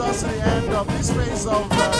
us to the end of this phase of